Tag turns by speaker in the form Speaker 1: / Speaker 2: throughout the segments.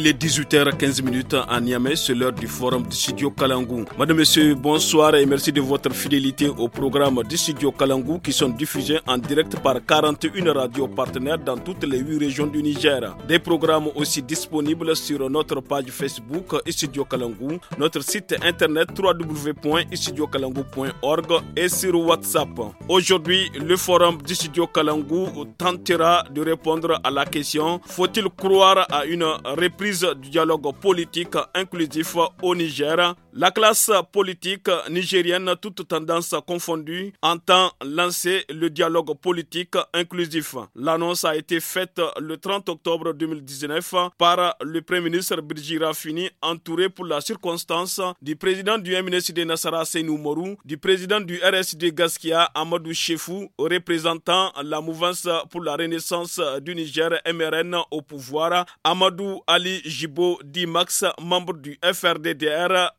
Speaker 1: Il est 18h15 à Niamey, c'est l'heure du forum de studio Kalangou. Madame, Monsieur, bonsoir et merci de votre fidélité au programme du studio Kalangou qui sont diffusés en direct par 41 radios partenaires dans toutes les 8 régions du Niger. Des programmes aussi disponibles sur notre page Facebook Studio Kalangou, notre site internet www.studiokalangou.org et sur WhatsApp. Aujourd'hui, le forum du studio Kalangou tentera de répondre à la question faut-il croire à une reprise du dialogue politique inclusif au Niger la classe politique nigérienne, toute tendance confondue, entend lancer le dialogue politique inclusif. L'annonce a été faite le 30 octobre 2019 par le Premier ministre Brigitte Rafini, entouré pour la circonstance du président du MNSD Nassara Seynou du président du RSD Gaskia Amadou Chefou, représentant la mouvance pour la renaissance du Niger MRN au pouvoir, Amadou Ali Jibo Dimax, membre du FRDDR,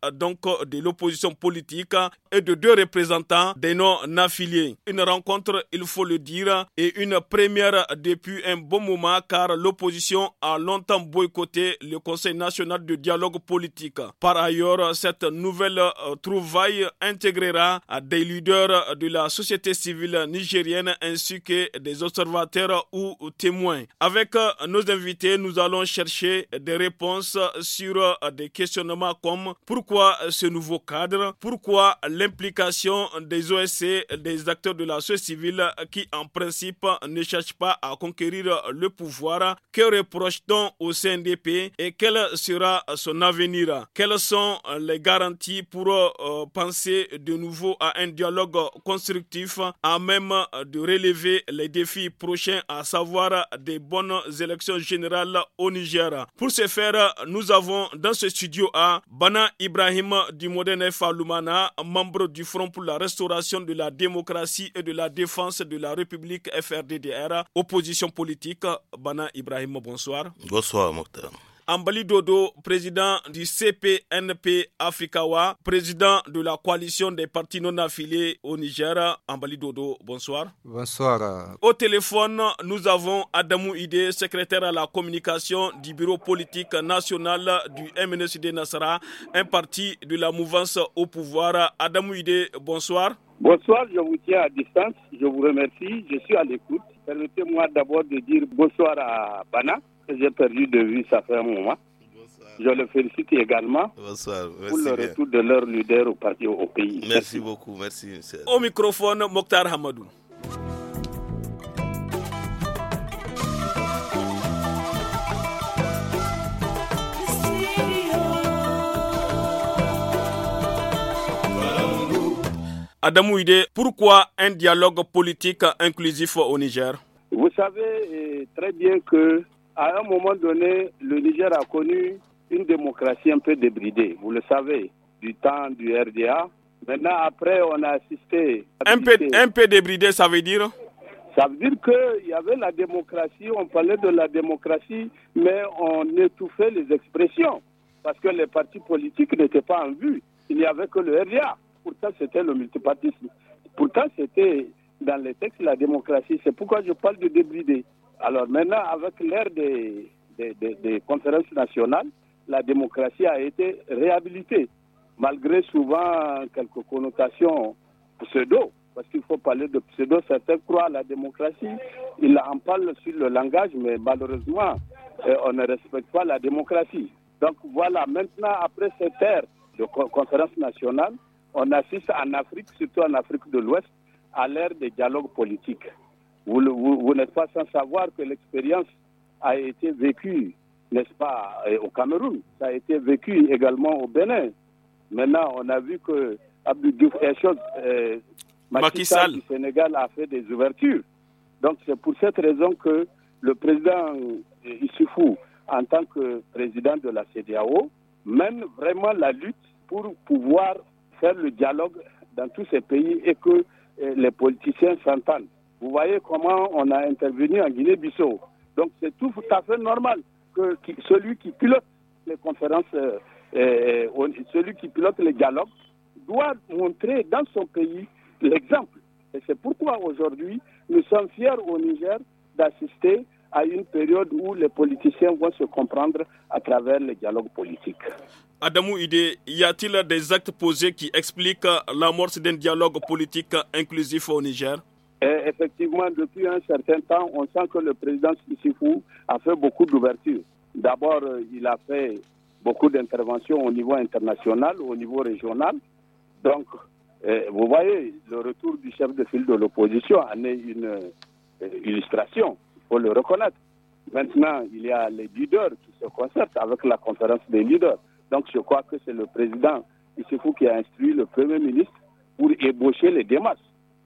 Speaker 1: de l'opposition politique et de deux représentants des non-affiliés. Une rencontre, il faut le dire, et une première depuis un bon moment car l'opposition a longtemps boycotté le Conseil national de dialogue politique. Par ailleurs, cette nouvelle euh, trouvaille intégrera des leaders de la société civile nigérienne ainsi que des observateurs ou témoins. Avec euh, nos invités, nous allons chercher des réponses sur euh, des questionnements comme pourquoi ce nouveau cadre Pourquoi l'implication des OSC, des acteurs de la société civile qui en principe ne cherchent pas à conquérir le pouvoir Que reproche-t-on au CNDP et quel sera son avenir Quelles sont les garanties pour euh, penser de nouveau à un dialogue constructif à même de relever les défis prochains, à savoir des bonnes élections générales au Niger Pour ce faire, nous avons dans ce studio à Bana Ibrahim du Modène Falumana, membre du Front pour la restauration de la démocratie et de la défense de la République FRDDR, opposition politique. Bana Ibrahim, bonsoir.
Speaker 2: Bonsoir, Mokhtar.
Speaker 1: Ambali Dodo, président du CPNP Africawa, président de la coalition des partis non affiliés au Niger. Ambali Dodo, bonsoir.
Speaker 3: Bonsoir.
Speaker 1: Au téléphone, nous avons Adamou Ide, secrétaire à la communication du bureau politique national du MNSD Nassara, un parti de la mouvance au pouvoir. Adamou Ide, bonsoir. Bonsoir, je vous
Speaker 4: tiens à distance. Je vous remercie. Je suis à l'écoute. Permettez-moi d'abord de dire bonsoir à Bana, j'ai perdu de vue, ça fait un moment. Je le félicite également
Speaker 2: pour le retour de leur leader au parti au pays. Merci, beaucoup, merci. Au
Speaker 4: microphone,
Speaker 1: Mokhtar Hamadou. Adam pourquoi un dialogue politique inclusif au Niger
Speaker 4: Vous savez eh, très bien que à un moment donné, le Niger a connu une démocratie un peu débridée, vous le savez, du temps du RDA. Maintenant, après, on a assisté. Un peu, un débridé, ça veut dire Ça veut dire qu'il y avait la démocratie, on parlait de la démocratie, mais on étouffait les expressions, parce que les partis politiques n'étaient pas en vue. Il n'y avait que le RDA. Pourtant, c'était le multipartisme. Pourtant, c'était dans les textes la démocratie. C'est pourquoi je parle de débridé. Alors maintenant, avec l'ère des, conférences nationales, la démocratie a été réhabilitée, malgré souvent quelques connotations pseudo, parce qu'il faut parler de pseudo. Certains croient à la démocratie, ils en parlent sur le langage, mais malheureusement, euh, on ne respecte pas la démocratie. Donc voilà, maintenant, après cette ère de conférences nationales, on assiste en Afrique, surtout en Afrique de l'Ouest, à l'ère des dialogues politiques. Vous, n'êtes pas sans savoir que l'expérience a été vécue, n'est-ce pas, au Cameroun. Ça a été vécu également au Bénin. Maintenant, on a vu que Abdou Diouf euh, Macky du Sénégal a fait des ouvertures. Donc c'est pour cette raison que le président euh, Issoufou, en tant que président de la CDAO, mène vraiment la lutte pour pouvoir faire le dialogue dans tous ces pays et que euh, les politiciens s'entendent. Vous voyez comment on a intervenu en Guinée-Bissau. Donc c'est tout à fait normal que celui qui pilote les conférences, euh, euh, celui qui pilote les dialogues, doit montrer dans son pays l'exemple. Et c'est pourquoi aujourd'hui, nous sommes fiers au Niger d'assister à une période où les politiciens vont se comprendre à travers les dialogues politiques.
Speaker 1: Adamou Idé, y a-t-il des actes posés qui expliquent l'amorce d'un dialogue politique inclusif au Niger
Speaker 4: effectivement, depuis un certain temps, on sent que le président Sissifou a fait beaucoup d'ouvertures. D'abord, euh, il a fait beaucoup d'interventions au niveau international, au niveau régional. Donc, euh, vous voyez, le retour du chef de file de l'opposition en est une euh, illustration, il faut le reconnaître. Maintenant, il y a les leaders qui se concertent avec la conférence des leaders. Donc, je crois que c'est le président Sissifou qui a instruit le Premier ministre pour ébaucher les démarches.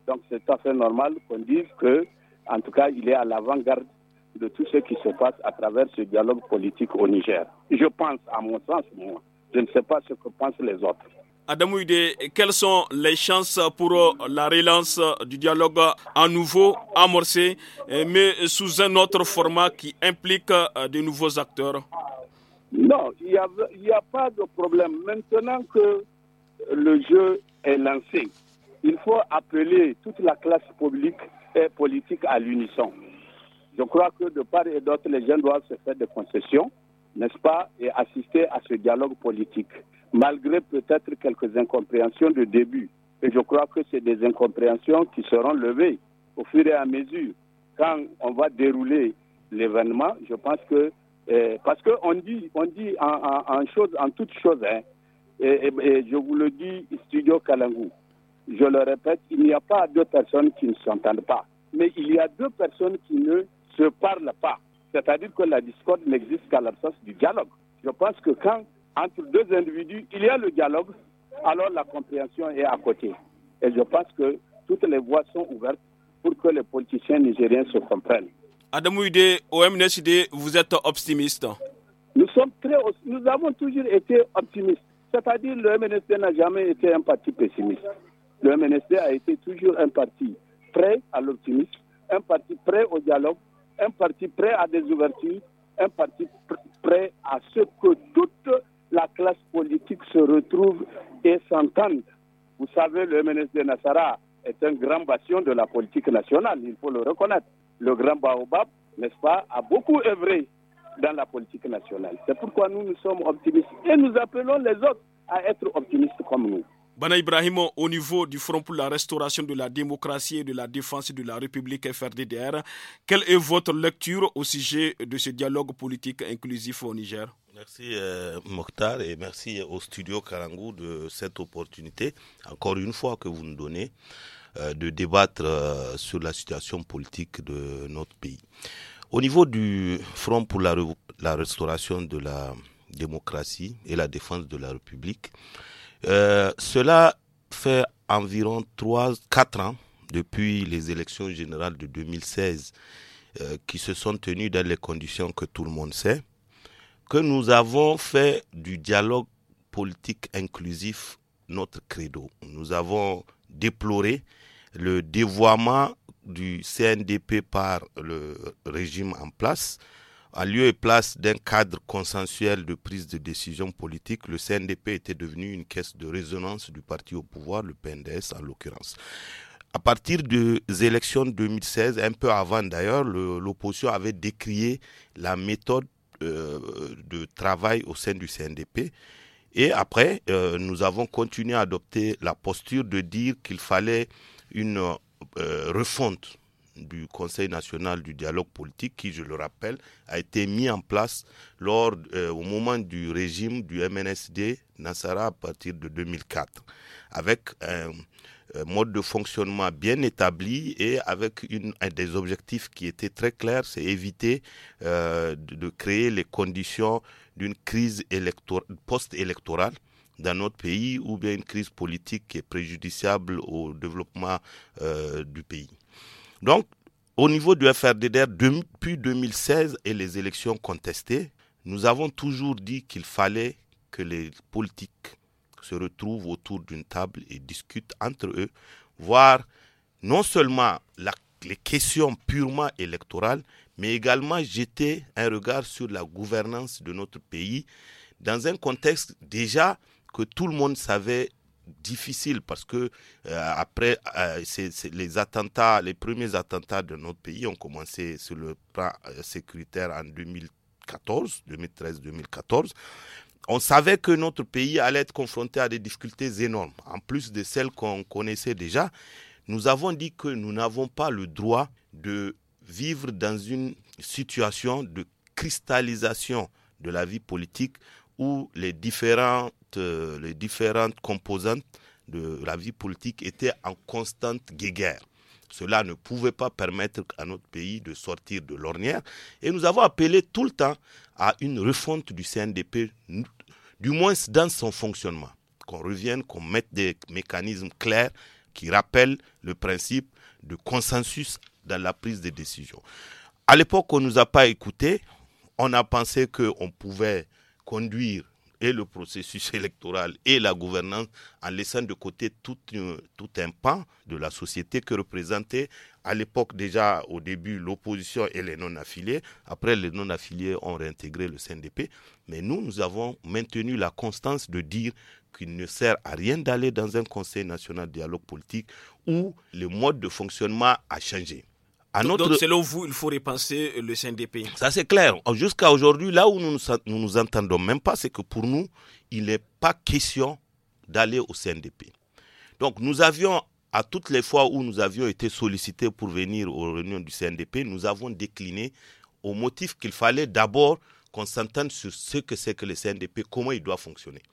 Speaker 4: Donc c'est tout à fait normal qu'on dise que, en tout cas, il est à l'avant-garde de tout ce qui se passe à travers ce dialogue politique au Niger. Je pense, à mon sens, moi. Je ne sais pas ce que pensent les autres.
Speaker 1: Adam Ouide, quelles sont les chances pour euh, la relance euh, du dialogue euh, à nouveau amorcé, mais sous un autre format qui implique de nouveaux acteurs
Speaker 4: Non, il n'y a, pas de problème. Maintenant que le jeu est lancé, il faut appeler toute la classe publique et politique à l'unisson. Je crois que de part et d'autre, les gens doivent se faire des concessions, n'est-ce pas, et assister à ce dialogue politique, malgré peut-être quelques incompréhensions de début. Et je crois que c'est des incompréhensions qui seront levées au fur et à mesure. Quand on va dérouler l'événement, je pense que eh, parce qu'on dit, on dit en, toute chose, hein, et, je vous le dis, Studio Kalangou, je le répète, il n'y a pas deux personnes qui ne s'entendent pas. Mais il y a deux personnes qui ne se parlent pas. C'est-à-dire que la discorde n'existe qu'à l'absence du dialogue. Je pense que quand, entre deux individus, il y a le dialogue, alors la compréhension est à côté. Et je pense que toutes les voies sont ouvertes pour que les politiciens nigériens se comprennent.
Speaker 1: Adam au OMNSD, vous êtes optimiste
Speaker 4: Nous sommes très, nous avons toujours été optimistes. C'est-à-dire que le MNSD n'a jamais été un parti pessimiste. Le MNSD a été toujours un parti prêt à l'optimisme, un parti prêt au dialogue, un parti prêt à des ouvertures, un parti prêt à ce que toute la classe politique se retrouve et s'entende. Vous savez, le MNSD Nassara est un grand bastion de la politique nationale, il faut le reconnaître. Le grand Baobab, n'est-ce pas, a beaucoup œuvré dans la politique nationale. C'est pourquoi nous, nous sommes optimistes et nous appelons les autres à être optimistes comme nous.
Speaker 1: Bana Ibrahim, au niveau du Front pour la restauration de la démocratie et de la défense de la République FRDDR, quelle est votre lecture au sujet
Speaker 2: de ce dialogue politique inclusif au Niger Merci euh, Mokhtar et merci au studio Karangou de cette opportunité, encore une fois, que vous nous donnez euh, de débattre euh, sur la situation politique de notre pays. Au niveau du Front pour la restauration de la démocratie et la défense de la République, euh, cela fait environ 3-4 ans depuis les élections générales de 2016 euh, qui se sont tenues dans les conditions que tout le monde sait, que nous avons fait du dialogue politique inclusif notre credo. Nous avons déploré le dévoiement du CNDP par le régime en place, à lieu et place d'un cadre consensuel de prise de décision politique, le CNDP était devenu une caisse de résonance du parti au pouvoir, le PNDS en l'occurrence. À partir des élections 2016, un peu avant d'ailleurs, l'opposition avait décrié la méthode euh, de travail au sein du CNDP. Et après, euh, nous avons continué à adopter la posture de dire qu'il fallait une euh, refonte du Conseil national du dialogue politique qui, je le rappelle, a été mis en place lors, euh, au moment du régime du MNSD Nassara à partir de 2004, avec un mode de fonctionnement bien établi et avec un des objectifs qui étaient très clairs, c'est éviter euh, de, créer les conditions d'une crise post-électorale dans notre pays ou bien une crise politique qui est préjudiciable au développement euh, du pays. Donc, au niveau du FRDDR, depuis 2016 et les élections contestées, nous avons toujours dit qu'il fallait que les politiques se retrouvent autour d'une table et discutent entre eux, voir non seulement la, les questions purement électorales, mais également jeter un regard sur la gouvernance de notre pays dans un contexte déjà que tout le monde savait difficile parce que euh, après euh, les attentats, les premiers attentats de notre pays ont commencé sur le plan euh, sécuritaire en 2014, 2013-2014. On savait que notre pays allait être confronté à des difficultés énormes, en plus de celles qu'on connaissait déjà. Nous avons dit que nous n'avons pas le droit de vivre dans une situation de cristallisation de la vie politique où les différentes, euh, les différentes composantes de la vie politique étaient en constante guéguerre. Cela ne pouvait pas permettre à notre pays de sortir de l'ornière. Et nous avons appelé tout le temps à une refonte du CNDP, du moins dans son fonctionnement. Qu'on revienne, qu'on mette des mécanismes clairs qui rappellent le principe de consensus dans la prise de décision. À l'époque, on ne nous a pas écoutés. On a pensé qu'on pouvait conduire et le processus électoral et la gouvernance en laissant de côté euh, tout, un pan de la société que représentait à l'époque déjà au début l'opposition et les non-affiliés. Après, les non-affiliés ont réintégré le CNDP. Mais nous, nous avons maintenu la constance de dire qu'il ne sert à rien d'aller dans un Conseil national de dialogue politique où le mode de fonctionnement a changé. Donc, selon
Speaker 1: vous, il faut repenser le CNDP
Speaker 2: Ça, c'est clair. Jusqu'à aujourd'hui, là où nous nous, nous entendons même pas, c'est que pour nous, il n'est pas question d'aller au CNDP. Donc, nous avions, à toutes les fois où nous avions été sollicités pour venir aux réunions du CNDP, nous avons décliné au motif qu'il fallait d'abord qu'on s'entende sur ce que c'est que le CNDP, comment il doit fonctionner.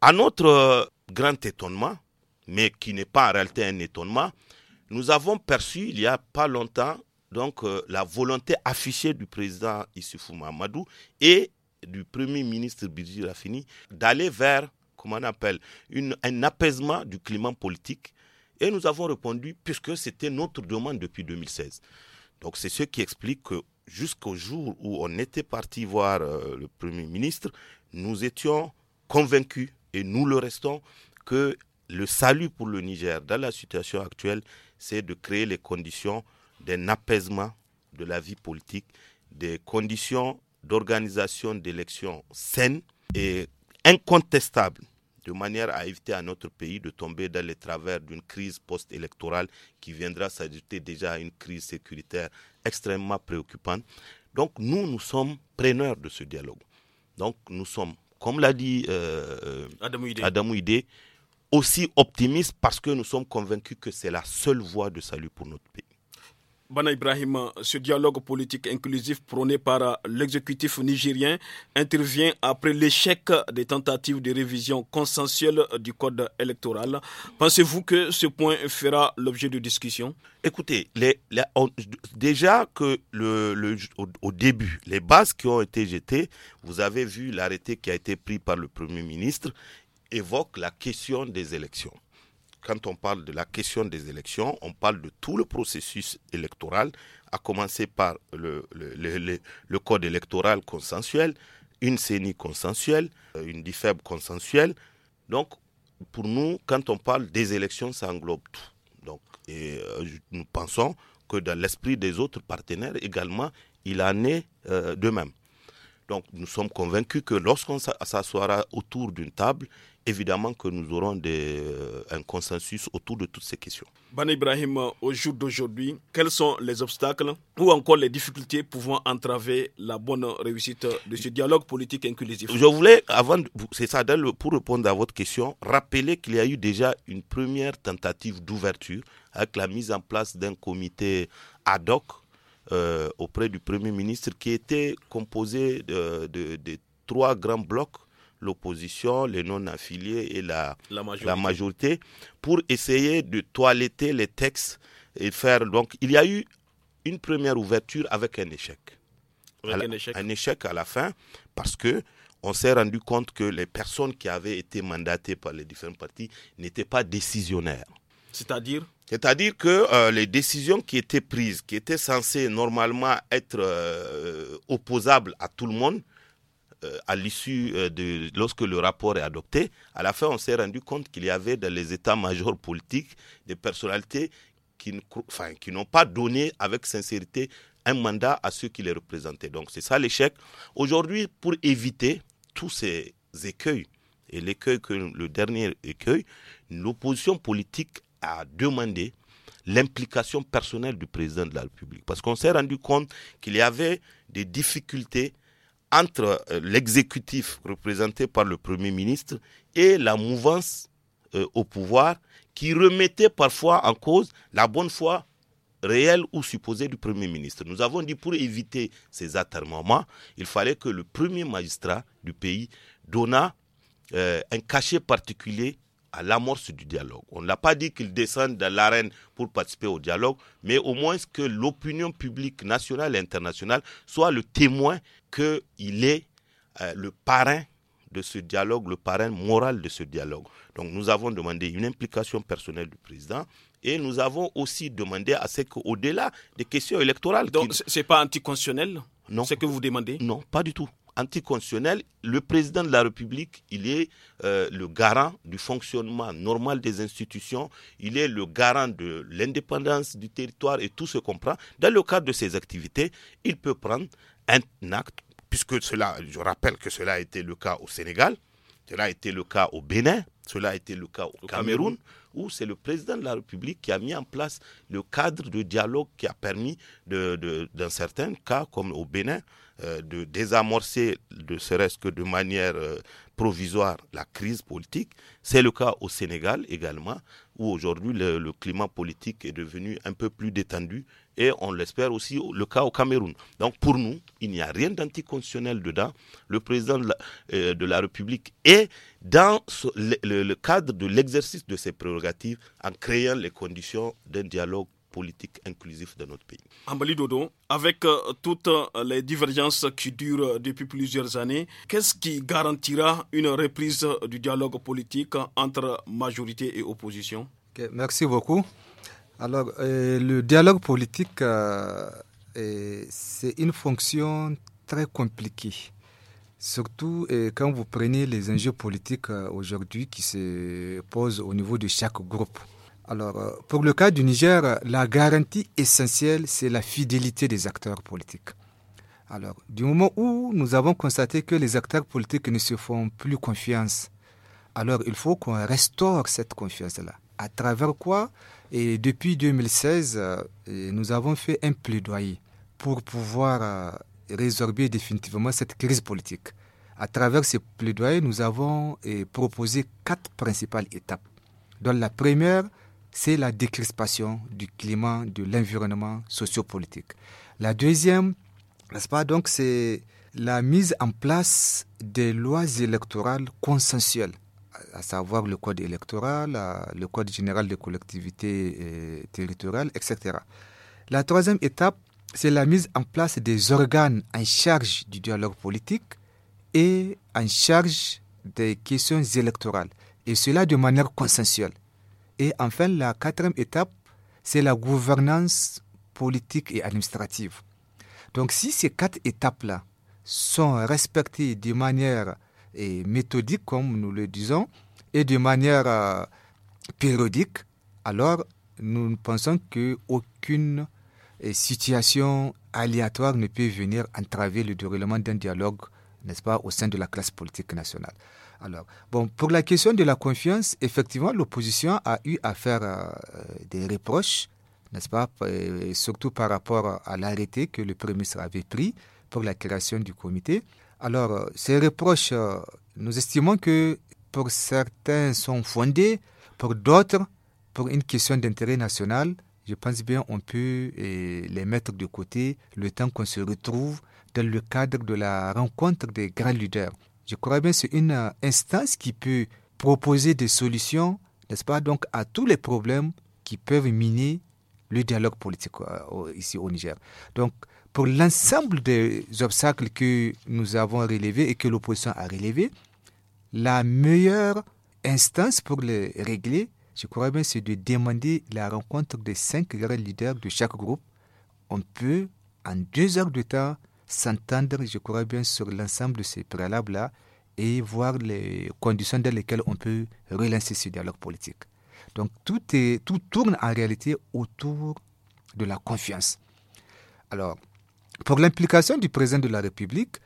Speaker 2: À notre euh, grand étonnement, mais qui n'est pas en réalité un étonnement, nous avons perçu il n'y a pas longtemps donc euh, la volonté affichée du président Issoufou Mamadou et du premier ministre Bidji Rafini d'aller vers comment on appelle un apaisement du climat politique et nous avons répondu puisque c'était notre demande depuis 2016. Donc c'est ce qui explique que jusqu'au jour où on était parti voir euh, le Premier ministre, nous étions convaincus, et nous le restons, que le salut pour le Niger dans la situation actuelle c'est de créer les conditions d'un apaisement de la vie politique, des conditions d'organisation d'élections saines et incontestables, de manière à éviter à notre pays de tomber dans les travers d'une crise post-électorale qui viendra s'ajouter déjà à une crise sécuritaire extrêmement préoccupante. Donc nous, nous sommes preneurs de ce dialogue. Donc nous sommes, comme l'a dit euh, euh Adam aussi optimiste parce que nous sommes convaincus que c'est la seule voie de salut pour notre pays.
Speaker 1: Bana Ibrahim, ce dialogue politique inclusif prôné par l'exécutif nigérien intervient après l'échec des tentatives de révision consensuelle du code électoral. Pensez-vous que ce point fera l'objet de discussion
Speaker 2: Écoutez, déjà que au, début, les bases qui ont été jetées, vous avez vu l'arrêté qui a été pris par le Premier ministre évoque la question des élections. Quand on parle de la question des élections, on parle de tout le processus électoral, à commencer par le, le, code électoral consensuel, une CENI consensuelle, euh, une DIFEB consensuelle. Donc, pour nous, quand on parle des élections, ça englobe tout. Donc, et, euh, nous pensons que dans l'esprit des autres partenaires également, il en est euh, de même. Donc nous sommes convaincus que lorsqu'on s'assoira autour d'une table, évidemment que nous aurons euh, un consensus autour de toutes ces questions.
Speaker 1: Ban Ibrahim, au jour d'aujourd'hui, quels sont les obstacles ou encore les difficultés pouvant entraver la bonne réussite de ce dialogue politique inclusif Je
Speaker 2: voulais, avant, c'est ça, pour répondre à votre question, rappeler qu'il y a eu déjà une première tentative d'ouverture avec la mise en place d'un comité ad hoc euh, auprès du Premier ministre qui était composé de, trois grands blocs l'opposition, les non-affiliés et la, majorité. pour essayer de toiletter les textes et faire. Donc, il y a eu une première ouverture avec un échec. un, échec. un échec à la fin, parce que on s'est rendu compte que les personnes qui avaient été mandatées par les différents partis n'étaient pas décisionnaires. C'est-à-dire C'est-à-dire que euh, les décisions qui étaient prises, qui étaient censées normalement être euh, opposables à tout le monde, euh, à l'issue de lorsque le rapport est adopté, à la fin on s'est rendu compte qu'il y avait dans les états-majors politiques des personnalités qui n'ont pas donné avec sincérité un mandat à ceux qui les représentaient. Donc c'est ça l'échec. Aujourd'hui, pour éviter tous ces écueils, et l'écueil que le dernier écueil, l'opposition politique à demander l'implication personnelle du président de la République. Parce qu'on s'est rendu compte qu'il y avait des difficultés entre euh, l'exécutif représenté par le Premier ministre et la mouvance euh, au pouvoir qui remettait parfois en cause la bonne foi réelle ou supposée du Premier ministre. Nous avons dit pour éviter ces atterrements, il fallait que le premier magistrat du pays donnât euh, un cachet particulier à l'amorce du dialogue. On n'a pas dit qu'il descende dans l'arène pour participer au dialogue, mais au moins que l'opinion publique nationale et internationale soit le témoin qu'il est euh, le parrain de ce dialogue, le parrain moral de ce dialogue. Donc nous avons demandé une implication personnelle du président et nous avons aussi demandé à ce qu'au-delà des questions électorales... Donc ce n'est pas anticonstitutionnel Ce que vous demandez Non, pas du tout anticonstitutionnel, le président de la République, il est euh, le garant du fonctionnement normal des institutions, il est le garant de l'indépendance du territoire et tout se comprend. Dans le cadre de ses activités, il peut prendre un acte, puisque cela, je rappelle que cela a été le cas au Sénégal, cela a été le cas au Bénin, cela a été le cas au, Cameroun, où c'est le président de la République qui a mis en place le cadre de dialogue qui a permis, de, de, dans certains cas, comme au Bénin, euh, de désamorcer, de serait-ce que de manière euh, provisoire, la crise politique. C'est le cas au Sénégal également, où aujourd'hui le, climat politique est devenu un peu plus détendu, et on l'espère aussi le cas au Cameroun. Donc pour nous, il n'y a rien d'anticonstitutionnel dedans. Le président de la, euh, République est dans le cadre de l'exercice de ses prérogatives en créant les conditions d'un dialogue politique inclusive de notre pays.
Speaker 1: Ambali Dodo, avec euh, toutes euh, les divergences qui durent depuis plusieurs années, qu'est-ce qui garantira une reprise du dialogue politique entre majorité et opposition
Speaker 3: Merci beaucoup. Alors, euh, le dialogue politique, c'est une fonction très compliquée. Surtout quand vous prenez les enjeux politiques aujourd'hui qui se posent au niveau de chaque groupe. Alors, euh, pour le cas du Niger, la garantie essentielle, c'est la fidélité des acteurs politiques. Alors, du moment où nous avons constaté que les acteurs politiques ne se font plus confiance, alors il faut qu'on restaure cette confiance-là. À travers quoi Et depuis 2016, euh, nous avons fait un plaidoyer pour pouvoir euh, résorber définitivement cette crise politique. À travers ce plaidoyer, nous avons proposé quatre principales étapes. Dans la première, c'est la décrispation du climat, de l'environnement sociopolitique. La deuxième, ce pas, donc, c'est la mise en place des lois électorales consensuelles, à savoir le code électoral, le code général des collectivités euh, territoriales, etc. La troisième étape, c'est la mise en place des organes en charge du dialogue politique et en charge des questions électorales, et cela de manière consensuelle. Et enfin, la quatrième étape, c'est la gouvernance politique et administrative. Donc si ces quatre étapes-là sont respectées de manière et eh, méthodique, comme nous le disons, et de manière euh, périodique, alors nous pensons qu'aucune eh, situation aléatoire ne peut venir entraver le déroulement d'un dialogue, n'est-ce pas, au sein de la classe politique nationale. Alors, bon, pour la question de la confiance, effectivement, l'opposition a eu à faire euh, des reproches, n'est-ce pas, euh, surtout par rapport à l'arrêté que le Premier ministre avait pris pour la création du comité. Alors, euh, ces reproches, nous estimons que pour certains sont fondés, pour d'autres, pour une question d'intérêt national, je pense bien on peut les mettre de côté le temps qu'on se retrouve dans le cadre de la rencontre des grands leaders. Je crois bien que c'est une euh, instance qui peut proposer des solutions, n'est-ce pas, donc à tous les problèmes qui peuvent miner le dialogue politique euh, ici au Niger. Donc, pour l'ensemble des obstacles que nous avons relevés et que l'opposition a relevés, la meilleure instance pour les régler, je crois bien, c'est de demander la rencontre des cinq grands leaders de chaque groupe. On peut, en deux heures de temps, s'entendre, je crois bien, sur l'ensemble de ces préalables-là et voir les conditions dans lesquelles on peut relancer ce dialogue politique. Donc tout, est, tout tourne en réalité autour de la confiance. Alors, pour l'implication du président de la République,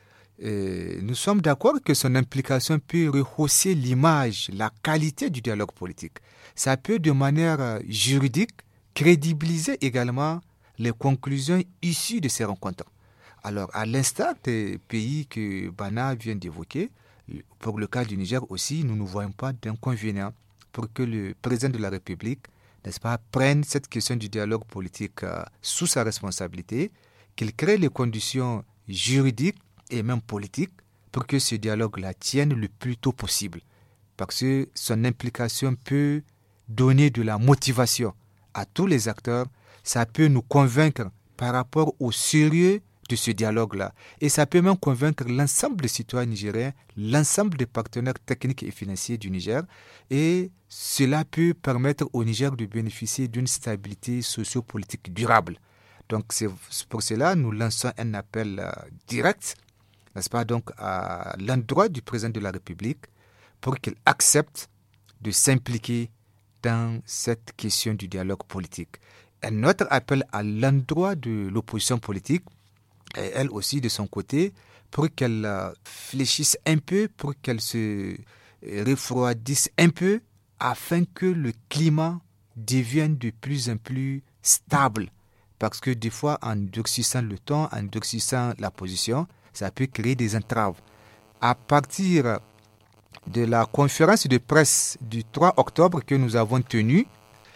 Speaker 3: euh, nous sommes d'accord que son implication peut rehausser l'image, la qualité du dialogue politique. Ça peut de manière euh, juridique crédibiliser également les conclusions issues de ces rencontres. Alors, à l'instar des pays que Bana vient d'évoquer, pour le cas du Niger aussi, nous ne voyons pas d'inconvénient pour que le président de la République, n'est-ce pas, prenne cette question du dialogue politique euh, sous sa responsabilité, qu'il crée les conditions juridiques et même politiques pour que ce dialogue la tienne le plus tôt possible. Parce que son implication peut donner de la motivation à tous les acteurs, ça peut nous convaincre par rapport au sérieux de ce dialogue-là. Et ça peut même convaincre l'ensemble des citoyens nigériens, l'ensemble des partenaires techniques et financiers du Niger. Et cela peut permettre au Niger de bénéficier d'une stabilité sociopolitique durable. Donc c'est pour cela nous lançons un appel euh, direct, n'est-ce pas, donc à l'endroit du président de la République pour qu'il accepte de s'impliquer dans cette question du dialogue politique. Un autre appel à l'endroit de l'opposition politique elle aussi de son côté, pour qu'elle euh, fléchisse un peu, pour qu'elle se euh, refroidisse un peu, afin que le climat devienne de plus en plus stable. Parce que des fois, en durcissant le temps, en durcissant la position, ça peut créer des entraves. À partir de la conférence de presse du 3 octobre que nous avons tenue,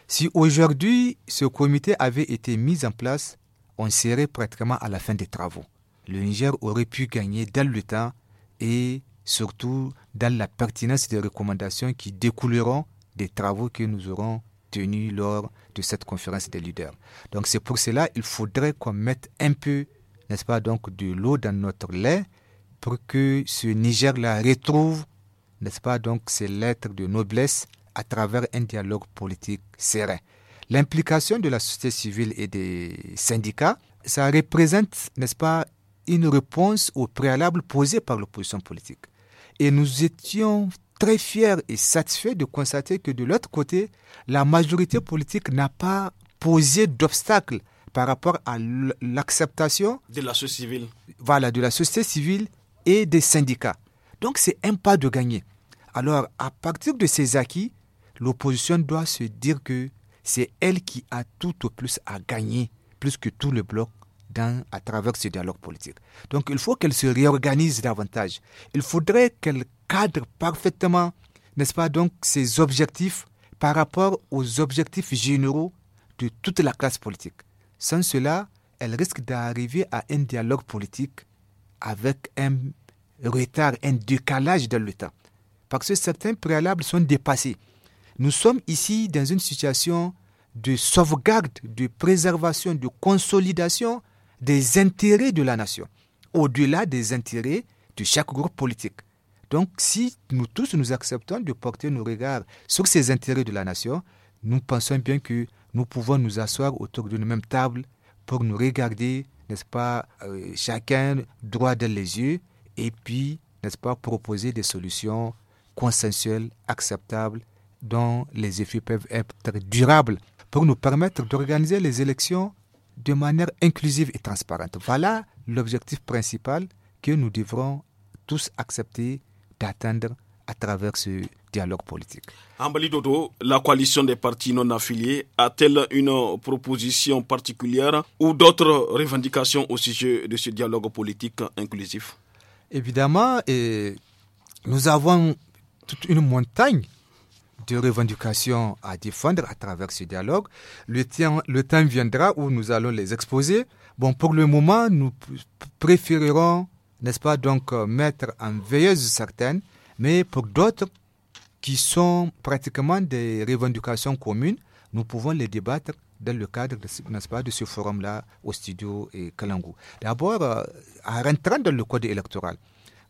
Speaker 3: si aujourd'hui ce comité avait été mis en place, on serait pratiquement à la fin des travaux. Le Niger aurait pu gagner dans le temps et surtout dans la pertinence des recommandations qui découleront des travaux que nous aurons tenus lors de cette conférence des leaders. Donc c'est pour cela qu'il faudrait qu'on mette un peu, n'est-ce pas, donc de l'eau dans notre lait pour que ce Niger-là retrouve, n'est-ce pas, donc ses lettres de noblesse à travers un dialogue politique serein. L'implication de la société civile et des syndicats, ça représente, n'est-ce pas, une réponse au préalable posé par l'opposition politique. Et nous étions très fiers et satisfaits de constater que de l'autre côté, la majorité politique n'a pas posé d'obstacle par rapport à l'acceptation
Speaker 1: de la société civile.
Speaker 3: Voilà, de la société civile et des syndicats. Donc c'est un pas de gagner. Alors à partir de ces acquis, l'opposition doit se dire que c'est elle qui a tout au plus à gagner, plus que tout le bloc, dans, à travers ce dialogue politique. Donc il faut qu'elle se réorganise davantage. Il faudrait qu'elle cadre parfaitement, n'est-ce pas, donc ses objectifs par rapport aux objectifs généraux de toute la classe politique. Sans cela, elle risque d'arriver à un dialogue politique avec un retard, un décalage dans le temps. Parce que certains préalables sont dépassés. Nous sommes ici dans une situation de sauvegarde, de préservation, de consolidation des intérêts de la nation, au-delà des intérêts de chaque groupe politique. Donc si nous tous nous acceptons de porter nos regards sur ces intérêts de la nation, nous pensons bien que nous pouvons nous asseoir autour d'une même table pour nous regarder, n'est-ce pas, euh, chacun droit dans les yeux, et puis, n'est-ce pas, proposer des solutions consensuelles, acceptables dont les effets peuvent être durables pour nous permettre d'organiser les élections de manière inclusive et transparente. Voilà l'objectif principal que nous devrons tous accepter d'atteindre à travers ce dialogue politique.
Speaker 1: Ambali Dodo, la coalition des partis non affiliés a-t-elle une proposition particulière ou d'autres revendications au sujet de ce dialogue politique inclusif
Speaker 3: Évidemment, nous avons toute une montagne de revendications à défendre à travers ce dialogue. Le temps, le temps viendra où nous allons les exposer. Bon, pour le moment, nous préférerons, n'est-ce pas, donc euh, mettre en veilleuse certaines, mais pour d'autres qui sont pratiquement des revendications communes, nous pouvons les débattre dans le cadre de, pas, de ce forum-là au studio et Kalangou. D'abord, euh, en rentrant dans le code électoral,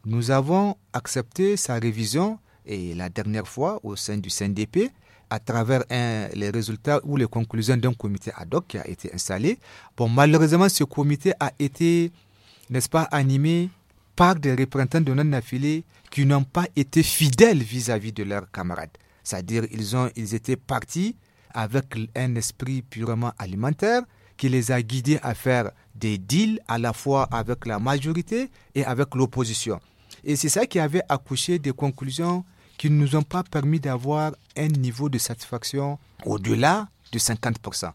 Speaker 3: nous avons accepté sa révision et la dernière fois au sein du CNDP à travers les résultats ou les conclusions d'un comité ad hoc qui a été installé. Bon, malheureusement, ce comité a été, n'est-ce pas, animé par des représentants de non affilés qui n'ont pas été fidèles vis-à-vis de leurs camarades. C'est-à-dire, ils, ont, ils étaient partis avec un esprit purement alimentaire qui les a guidés à faire des deals à la fois avec la majorité et avec l'opposition. Et c'est ça qui avait accouché des conclusions qui ne nous ont pas permis d'avoir un niveau de satisfaction au-delà de 50%.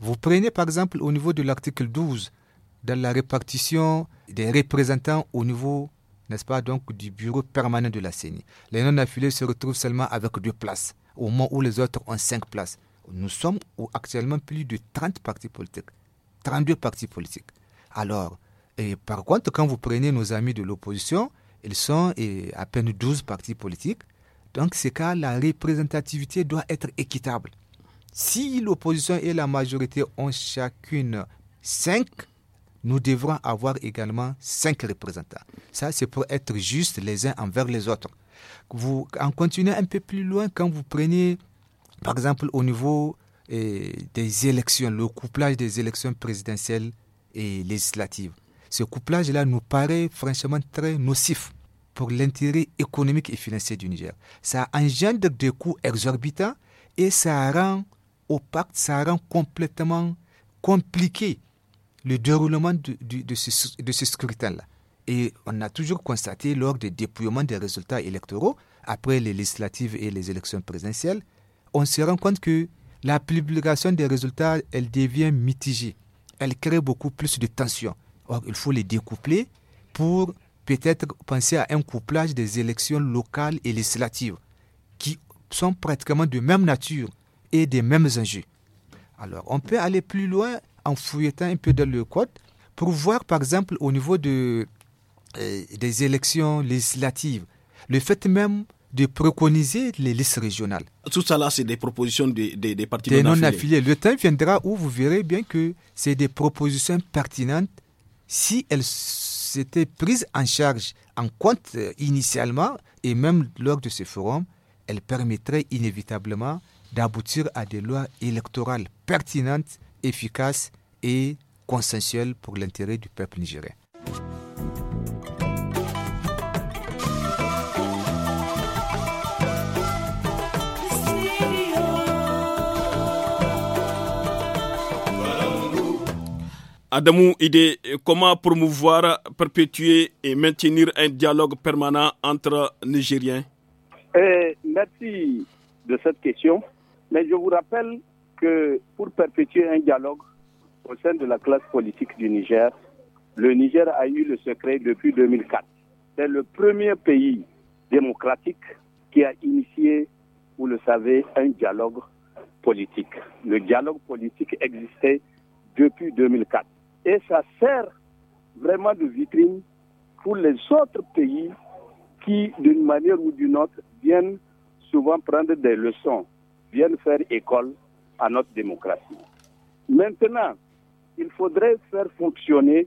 Speaker 3: Vous prenez par exemple au niveau de l'article 12, dans la répartition des représentants au niveau, n'est-ce pas, donc du bureau permanent de la CENI. Les non-affiliés se retrouvent seulement avec deux places, au moment où les autres ont cinq places. Nous sommes actuellement plus de 30 partis politiques, 32 partis politiques. Alors, par contre, quand vous prenez nos amis de l'opposition, ils sont eh, à peine 12 partis politiques. Donc, c'est cas, la représentativité doit être équitable. Si l'opposition et la majorité ont chacune cinq, nous devrons avoir également cinq représentants. Ça, c'est pour être juste les uns envers les autres. Vous, en continuant un peu plus loin, quand vous prenez, par exemple, au niveau eh, des élections, le couplage des élections présidentielles et législatives, ce couplage-là nous paraît franchement très nocif pour l'intérêt économique et financier du Niger. Ça engendre des coûts exorbitants et ça rend opaque, ça rend complètement compliqué le déroulement de, de, ce, de ce scrutin-là. Et on a toujours constaté lors des dépouillements des résultats électoraux, après les législatives et les élections présidentielles, on se rend compte que la publication des résultats, elle devient mitigée. Elle crée beaucoup plus de tensions. Or, il faut les découpler pour peut-être penser à un couplage des élections locales et législatives qui sont pratiquement de même nature et des mêmes enjeux. Alors, on peut aller plus loin en fouillant un peu dans le code pour voir, par exemple, au niveau de, euh, des élections législatives, le fait même de préconiser les listes régionales.
Speaker 1: Tout ça là, c'est des propositions des, des, des partis des non, affiliés. affiliés.
Speaker 3: Le temps viendra où vous verrez bien que c'est des propositions pertinentes si elles c'était prise en charge, en compte euh, initialement, et même lors de ce forum, elle permettrait inévitablement d'aboutir à des lois électorales pertinentes, efficaces et consensuelles pour l'intérêt du peuple nigérien.
Speaker 1: Adamou Ide, comment promouvoir, perpétuer et maintenir un dialogue permanent entre Nigériens
Speaker 4: eh, Merci de cette question. Mais je vous rappelle que pour perpétuer un dialogue au sein de la classe politique du Niger, le Niger a eu le secret depuis 2004. C'est le premier pays démocratique qui a initié, vous le savez, un dialogue politique. Le dialogue politique existait depuis 2004 et ça sert vraiment de vitrine pour les autres pays qui, d'une manière ou d'une autre, viennent souvent prendre des leçons, viennent faire école à notre démocratie. Maintenant, il faudrait faire fonctionner,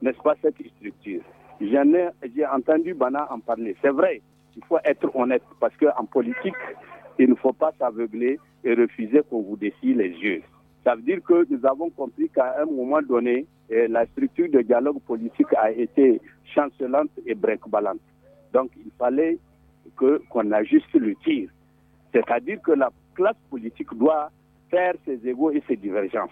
Speaker 4: n'est-ce pas, cette structure. j'ai entendu Bana en parler. C'est vrai, il faut être honnête parce qu'en politique, il ne faut pas s'aveugler et refuser qu'on vous dessine les yeux. Ça veut dire que nous avons compris qu'à un moment donné, eh, la structure de dialogue politique a été chancelante et break Donc il fallait que qu'on ajuste le tir. C'est-à-dire que la classe politique doit faire ses égaux et ses divergences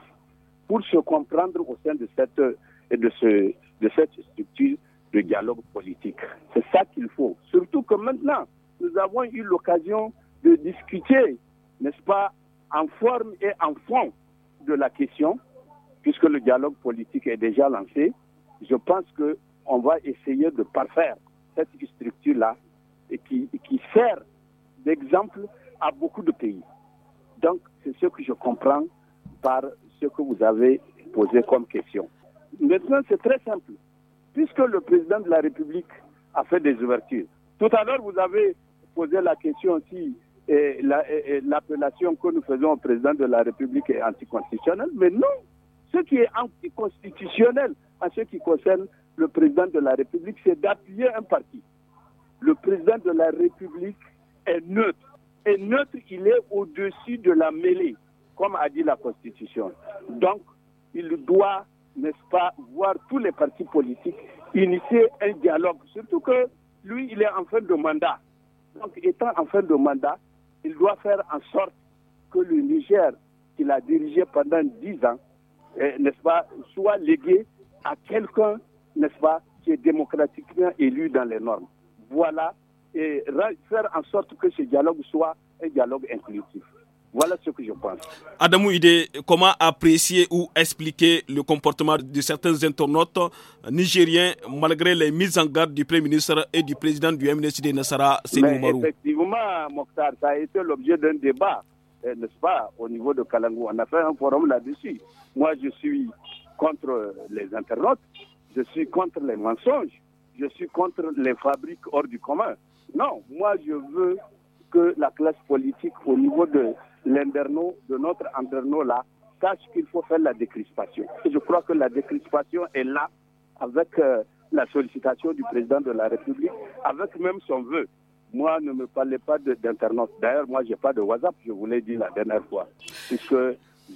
Speaker 4: pour se comprendre au sein de cette, de ce, de cette structure de dialogue politique. C'est ça qu'il faut. Surtout que maintenant, nous avons eu l'occasion de discuter, n'est-ce pas, en forme et en fond de la question, puisque le dialogue politique est déjà lancé, je pense qu'on va essayer de parfaire cette structure-là et qui, sert d'exemple à beaucoup de pays. Donc, c'est ce que je comprends par ce que vous avez posé comme question. Maintenant, c'est très simple. Puisque le président de la République a fait des ouvertures, tout à l'heure, vous avez posé la question aussi l'appellation que nous faisons au président de la République est anticonstitutionnelle, mais non, ce qui est anticonstitutionnel en ce qui concerne le président de la République, c'est d'appuyer un parti. Le président de la République est neutre. Et neutre, il est au-dessus de la mêlée, comme a dit la Constitution. Donc, il doit, n'est-ce pas, voir tous les partis politiques initier un dialogue. Surtout que lui, il est en fin de mandat. Donc, étant en fin de mandat, il doit faire en sorte que le Niger, qu'il a dirigé pendant dix ans, eh, n'est-ce pas, soit légué à quelqu'un, n'est-ce pas, qui est démocratiquement élu dans les normes. Voilà, et faire en sorte que ce dialogue soit un dialogue inclusif. Voilà ce que je pense.
Speaker 1: Adamou Ide, comment apprécier ou expliquer le comportement de certains internautes nigériens malgré les mises en garde du Premier ministre et du président du MNSD Nassara Senou
Speaker 4: Effectivement, Mokhtar, ça a été l'objet d'un débat, eh, n'est-ce pas, au niveau de Kalangou. On a fait un forum là-dessus. Moi, je suis contre les internautes, je suis contre les mensonges, je suis contre les fabriques hors du commun. Non, moi, je veux que la classe politique, au niveau de l'internaut de notre internaut là sache qu'il faut faire la décrispation. Et je crois que la décrispation est là avec euh, la sollicitation du président de la République, avec même son vœu. Moi, ne me parlez pas d'internaute. D'ailleurs, moi, je n'ai pas de WhatsApp, je vous l'ai dit la dernière fois, puisque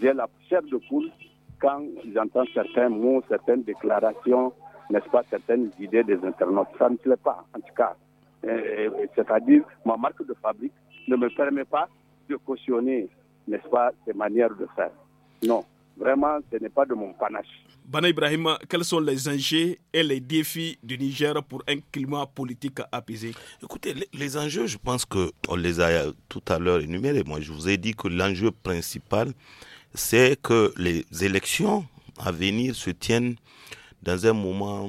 Speaker 4: j'ai la chair de poule quand j'entends certains mots, certaines déclarations, n'est-ce pas, certaines idées des internautes. Ça ne me plaît pas, en tout cas. C'est-à-dire, ma marque de fabrique ne me permet pas cautionner, n'est-ce pas, ces manières de faire. Non, vraiment, ce n'est pas de mon panache.
Speaker 1: Bana Ibrahima, quels sont les enjeux et les défis du Niger pour un climat politique apaisé Écoutez, les, enjeux,
Speaker 2: je pense qu'on les a tout à l'heure énumérés. Moi, je vous ai dit que l'enjeu principal, c'est que les élections à venir se tiennent dans un moment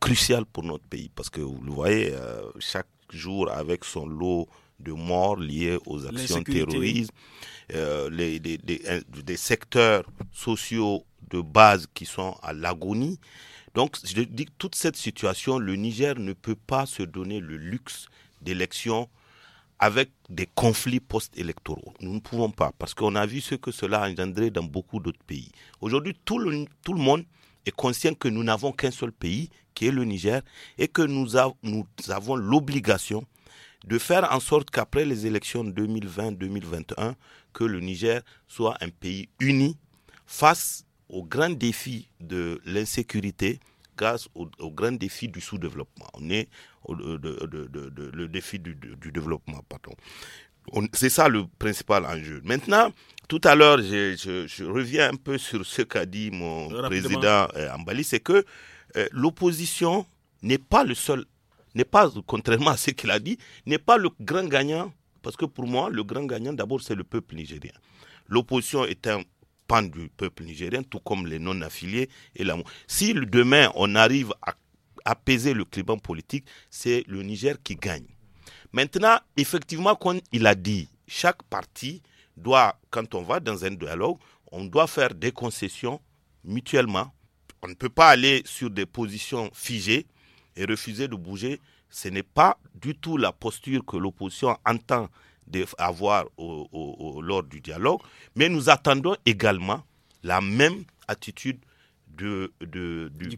Speaker 2: crucial pour notre pays. Parce que vous le voyez, euh, chaque jour avec son lot de morts liées aux actions terroristes, euh, les, euh, des secteurs sociaux de base qui sont à l'agonie. Donc, je dis que toute cette situation, le Niger ne peut pas se donner le luxe d'élections avec des conflits post-électoraux. Nous ne pouvons pas, parce qu'on a vu ce que cela a engendré dans beaucoup d'autres pays. Aujourd'hui, tout le, tout le monde est conscient que nous n'avons qu'un seul pays, qui est le Niger, et que nous, nous avons l'obligation de faire en sorte qu'après les élections 2020-2021, que le Niger soit un pays uni face aux grands défis de l'insécurité, grâce aux, grands défis du sous-développement. On est au, de, le défi du, développement, pardon. C'est ça le principal enjeu. Maintenant, tout à l'heure, je, reviens un peu sur ce qu'a dit mon président euh, Ambali, c'est que euh, l'opposition n'est pas le seul n'est pas, contrairement à ce qu'il a dit, n'est pas le grand gagnant. Parce que pour moi, le grand gagnant, d'abord, c'est le peuple nigérien. L'opposition est un pan du peuple nigérien, tout comme les non-affiliés et l'amour. Si demain, on arrive à apaiser le climat politique, c'est le Niger qui gagne. Maintenant, effectivement, comme il a dit, chaque parti doit, quand on va dans un dialogue, on doit faire des concessions mutuellement. On ne peut pas aller sur des positions figées et refuser de bouger, ce n'est pas du tout la posture que l'opposition entend avoir lors du dialogue, mais nous attendons également la même attitude du,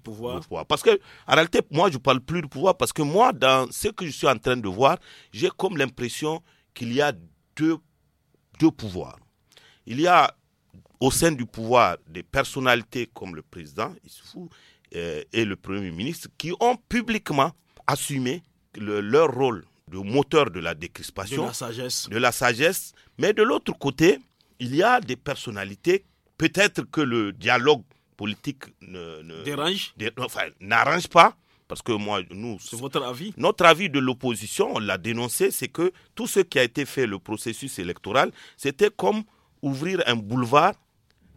Speaker 2: pouvoir. Parce que, en réalité, moi, je ne parle plus du pouvoir parce que moi, dans ce que je suis en train de voir, j'ai comme l'impression qu'il y a deux, deux pouvoirs. Il y a au sein du pouvoir des personnalités comme le président il fout, euh, et le Premier ministre qui ont publiquement assumé leur rôle de moteur de la décrispation, de la sagesse. De la sagesse. Mais de l'autre côté, il y a des personnalités, peut-être que le dialogue politique ne, dérange, n'arrange pas. Parce que moi, nous. C'est votre avis Notre avis de l'opposition, on l'a dénoncé, c'est que tout ce qui a été fait, le processus électoral, c'était comme ouvrir un boulevard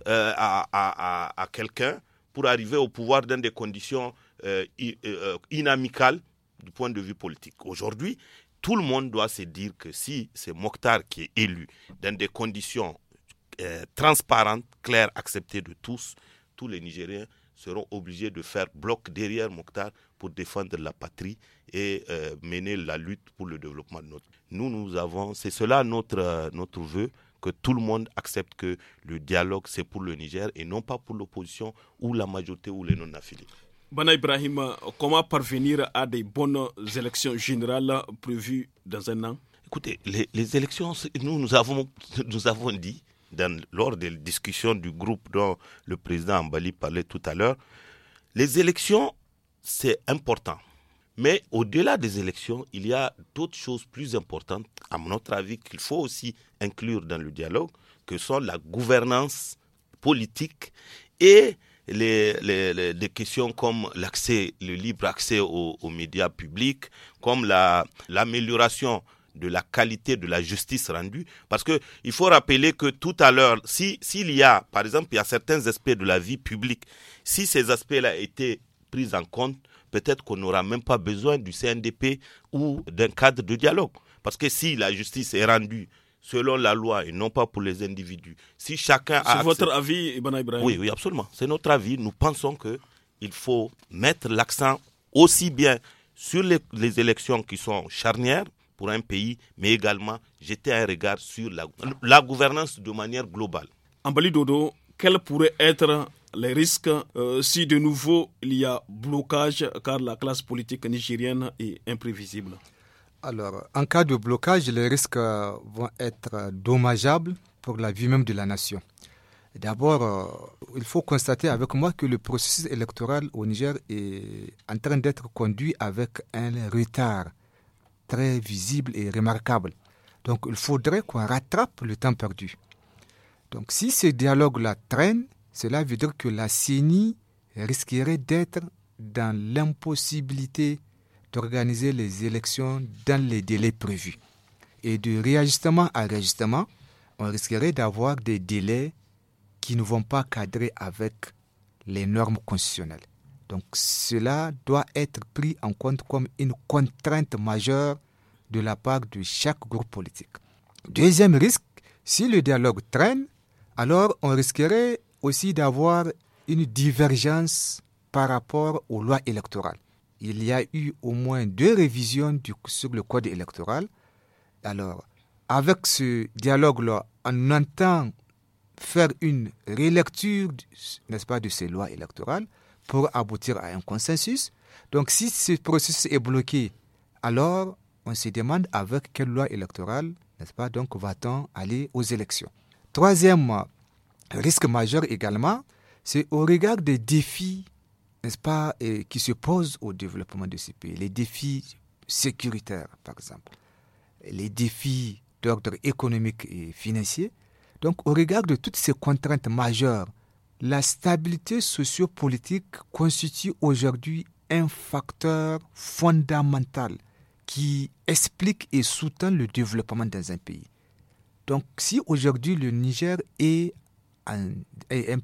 Speaker 2: euh, à, à, à quelqu'un pour arriver au pouvoir dans des conditions euh, euh, euh, inamicales du point de vue politique. Aujourd'hui, tout le monde doit se dire que si c'est Mokhtar qui est élu dans des conditions transparentes, claires, acceptées de tous, tous les Nigériens seront obligés de faire bloc derrière Mokhtar pour défendre la patrie et mener la lutte pour le développement de notre. Nous, nous avons, c'est cela notre, notre vœu, tout le monde accepte que le dialogue, c'est pour le Niger et non pas pour l'opposition ou la majorité ou les non-affiliés.
Speaker 1: Bana Ibrahim, comment parvenir à des bonnes élections générales prévues dans un an
Speaker 2: Écoutez, les, élections, nous, nous, avons, dit, lors des discussions du groupe dont le président Ambali parlait tout à l'heure, les élections, c'est important. Mais au-delà des élections, il y a d'autres choses plus importantes, à mon avis, qu'il faut aussi inclure dans le dialogue, que sont la gouvernance politique et les, questions comme l'accès, le libre accès aux, médias publics, comme l'amélioration de la qualité de la justice rendue. Parce qu'il faut rappeler que tout à l'heure, s'il y a, par exemple, il y a certains aspects de la vie publique, si ces aspects-là étaient pris en compte, peut-être qu'on n'aura même pas besoin du CNDP ou d'un cadre de dialogue. Parce que si la justice est rendue selon la loi et non pas pour les individus, si chacun a... C'est votre
Speaker 1: avis, Ibn Ibrahim Oui,
Speaker 2: oui, absolument. C'est notre avis. Nous pensons qu'il faut mettre l'accent aussi bien sur les, élections qui sont charnières pour un pays, mais également jeter un regard sur la, gouvernance de manière globale. Ambali Dodo, quelle pourrait être les risques
Speaker 1: euh, si de nouveau il y a blocage car la classe politique nigérienne est imprévisible
Speaker 3: Alors, en cas de blocage, les risques euh, vont être dommageables pour la vie même de la nation. D'abord, euh, il faut constater avec moi que le processus électoral au Niger est en train d'être conduit avec un retard très visible et remarquable. Donc, il faudrait qu'on rattrape le temps perdu. Donc, si ce dialogue-là traîne, cela veut dire que la CENI risquerait d'être dans l'impossibilité d'organiser les élections dans les délais prévus. Et de réajustement à réajustement, on risquerait d'avoir des délais qui ne vont pas cadrer avec les normes constitutionnelles. Donc cela doit être pris en compte comme une contrainte majeure de la part de chaque groupe politique. Deuxième risque, si le dialogue traîne, alors on risquerait aussi d'avoir une divergence par rapport aux lois électorales. Il y a eu au moins deux révisions du, sur le code électoral. Alors, avec ce dialogue-là, on entend faire une rélecture, n'est-ce pas, de ces lois électorales pour aboutir à un consensus. Donc, si ce processus est bloqué, alors on se demande avec quelle loi électorale, n'est-ce pas, donc va-t-on aller aux élections. Troisièmement, risque majeur également, c'est au regard des défis, n'est-ce pas, qui se posent au développement de ces pays. Les défis sécuritaires, par exemple, les défis d'ordre économique et financier. Donc, au regard de toutes ces contraintes majeures, la stabilité sociopolitique constitue aujourd'hui un facteur fondamental qui explique et soutient le développement dans un pays. Donc si aujourd'hui le Niger est un,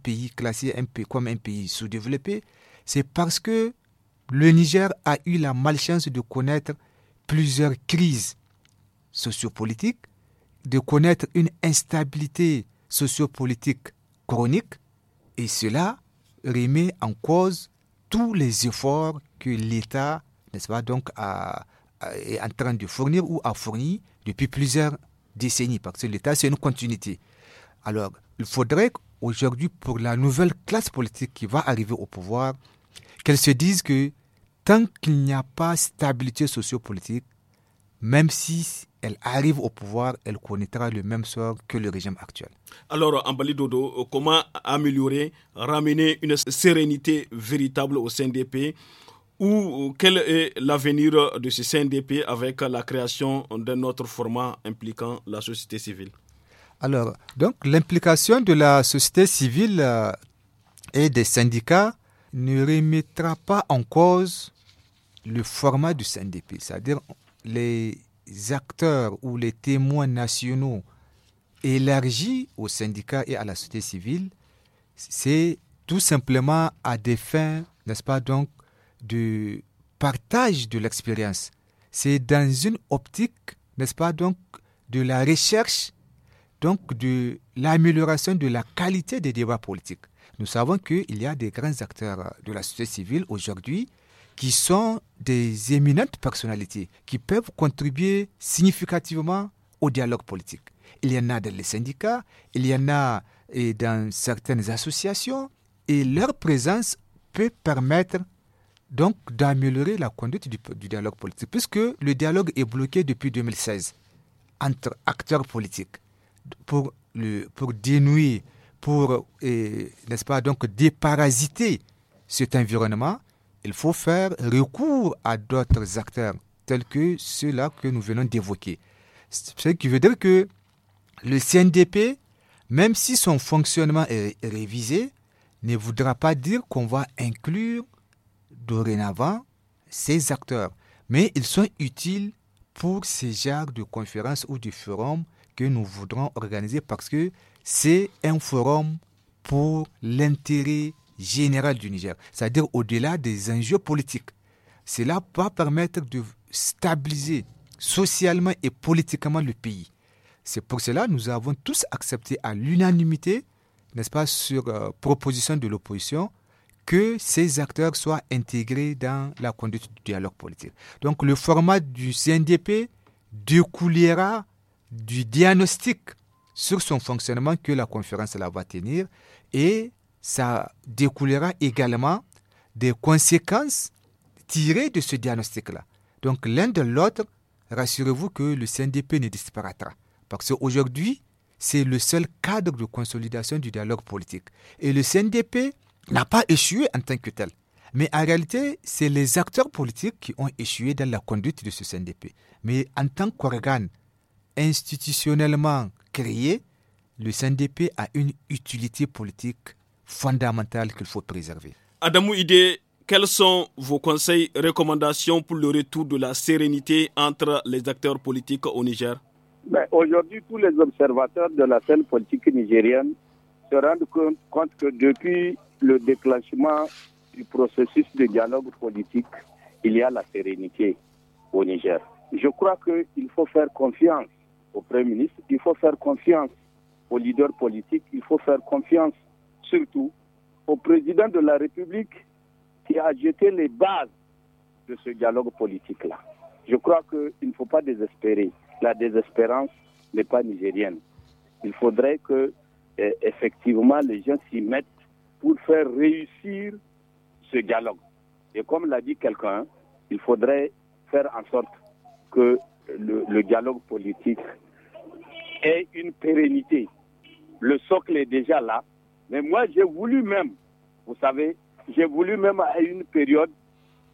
Speaker 3: pays classé comme un pays sous-développé, c'est parce que le Niger a eu la malchance de connaître plusieurs crises sociopolitiques, de connaître une instabilité sociopolitique chronique, et cela remet en cause tous les efforts que l'État, n'est-ce pas, donc, est en train de fournir ou a fourni depuis plusieurs décennies, parce que l'État, c'est une continuité. Alors, il faudrait aujourd'hui pour la nouvelle classe politique qui va arriver au pouvoir qu'elle se dise que tant qu'il n'y a pas stabilité sociopolitique, même si elle arrive au pouvoir, elle connaîtra le même sort que le régime actuel.
Speaker 1: Alors, Ambali Dodo, comment améliorer, ramener une sérénité véritable au CNDP ou quel est l'avenir de ce CNDP avec la création d'un autre format impliquant la société civile
Speaker 3: alors, donc l'implication de la société civile euh, et des syndicats ne remettra pas en cause le format du CNDP, c'est-à-dire les acteurs ou les témoins nationaux élargis aux syndicats et à la société civile, c'est tout simplement à des fins, n'est-ce pas, donc, du partage de l'expérience. C'est dans une optique, n'est-ce pas, donc, de la recherche donc de l'amélioration de la qualité des débats politiques. Nous savons qu'il y a des grands acteurs de la société civile aujourd'hui qui sont des éminentes personnalités qui peuvent contribuer significativement au dialogue politique. Il y en a dans les syndicats, il y en a dans certaines associations, et leur présence peut permettre donc d'améliorer la conduite du, dialogue politique, puisque le dialogue est bloqué depuis 2016 entre acteurs politiques pour, le, pour dénouer, pour, n'est-ce pas, donc déparasiter cet environnement, il faut faire recours à d'autres acteurs tels que ceux-là que nous venons d'évoquer. Ce qui veut dire que le CNDP, même si son fonctionnement est révisé, ne voudra pas dire qu'on va inclure dorénavant ces acteurs. Mais ils sont utiles pour ces genres de conférences ou de forums que nous voudrons organiser parce que c'est un forum pour l'intérêt général du Niger, c'est-à-dire au-delà des enjeux politiques. Cela va permettre de stabiliser socialement et politiquement le pays. C'est pour cela que nous avons tous accepté à l'unanimité, n'est-ce pas, sur euh, proposition de l'opposition, que ces acteurs soient intégrés dans la conduite du dialogue politique. Donc le format du CNDP découlera du diagnostic sur son fonctionnement que la conférence la va tenir et ça découlera également des conséquences tirées de ce diagnostic-là. Donc l'un de l'autre, rassurez-vous que le CNDP ne disparaîtra. Parce qu'aujourd'hui, c'est le seul cadre de consolidation du dialogue politique. Et le CNDP n'a pas échoué en tant que tel. Mais en réalité, c'est les acteurs politiques qui ont échoué dans la conduite de ce CNDP. Mais en tant qu'organe institutionnellement créé, le CNDP a une utilité politique fondamentale qu'il faut préserver.
Speaker 1: Adamou Idé, quels sont vos conseils, recommandations pour le retour de la sérénité entre les acteurs politiques au Niger
Speaker 4: ben, Aujourd'hui, tous les observateurs de la scène politique nigérienne se rendent compte que depuis le déclenchement du processus de dialogue politique, il y a la sérénité au Niger. Je crois qu'il faut faire confiance au Premier ministre, il faut faire confiance aux leaders politiques, il faut faire confiance surtout au président de la République qui a jeté les bases de ce dialogue politique-là. Je crois qu'il ne faut pas désespérer. La désespérance n'est pas nigérienne. Il faudrait que, eh, effectivement, les gens s'y mettent pour faire réussir ce dialogue. Et comme l'a dit quelqu'un, il faudrait faire en sorte que le, dialogue politique est une pérennité. Le socle est déjà là. Mais moi, j'ai voulu même, vous savez, j'ai voulu même à une période,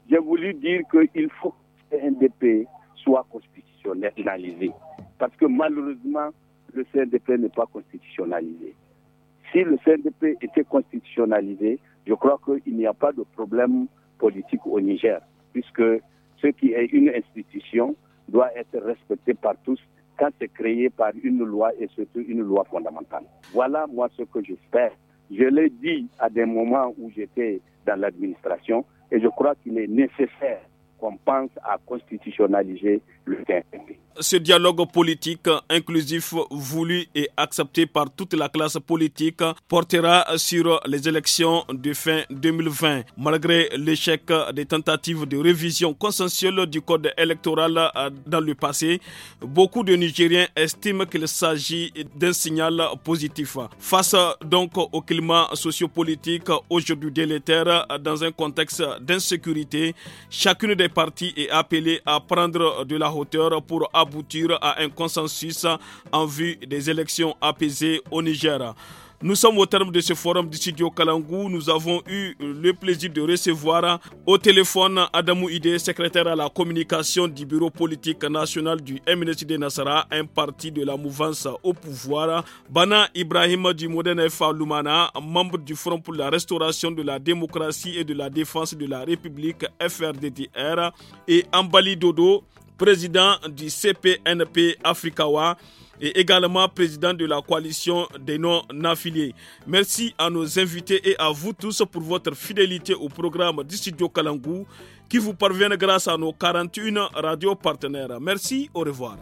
Speaker 4: j'ai voulu dire qu'il faut que le CNDP soit constitutionnalisé. Parce que malheureusement, le CNDP n'est pas constitutionnalisé. Si le CNDP était constitutionnalisé, je crois qu'il n'y a pas de problème politique au Niger, puisque ce qui est une institution, doit être respecté par tous quand c'est créé par une loi et surtout une loi fondamentale. Voilà moi ce que j'espère. Je l'ai dit à des moments où j'étais dans l'administration et je crois qu'il est nécessaire qu'on pense à constitutionnaliser le TNP.
Speaker 1: Ce dialogue politique inclusif voulu et accepté par toute la classe politique portera sur les élections de fin 2020. Malgré l'échec des tentatives de révision consensuelle du code électoral euh, dans le passé, beaucoup de Nigériens estiment qu'il s'agit d'un signal positif. Face donc au climat sociopolitique aujourd'hui délétère euh, dans un contexte d'insécurité, chacune des parti est appelé à prendre de la hauteur pour aboutir à un consensus en vue des élections apaisées au Niger. Nous sommes au terme de ce forum du studio Kalangou. Nous avons eu le plaisir de recevoir au téléphone Adamou Ide, secrétaire à la communication du bureau politique national du MNSD Nassara, un parti de la mouvance au pouvoir. Bana Ibrahim du Modène Lumana, membre du Front pour la restauration de la démocratie et de la défense de la République FRDDR. Et Ambali Dodo, président du CPNP Africawa et également président de la coalition des non-affiliés. Merci à nos invités et à vous tous pour votre fidélité au programme du studio Kalangu qui vous parvient grâce à nos 41 radios partenaires. Merci, au revoir.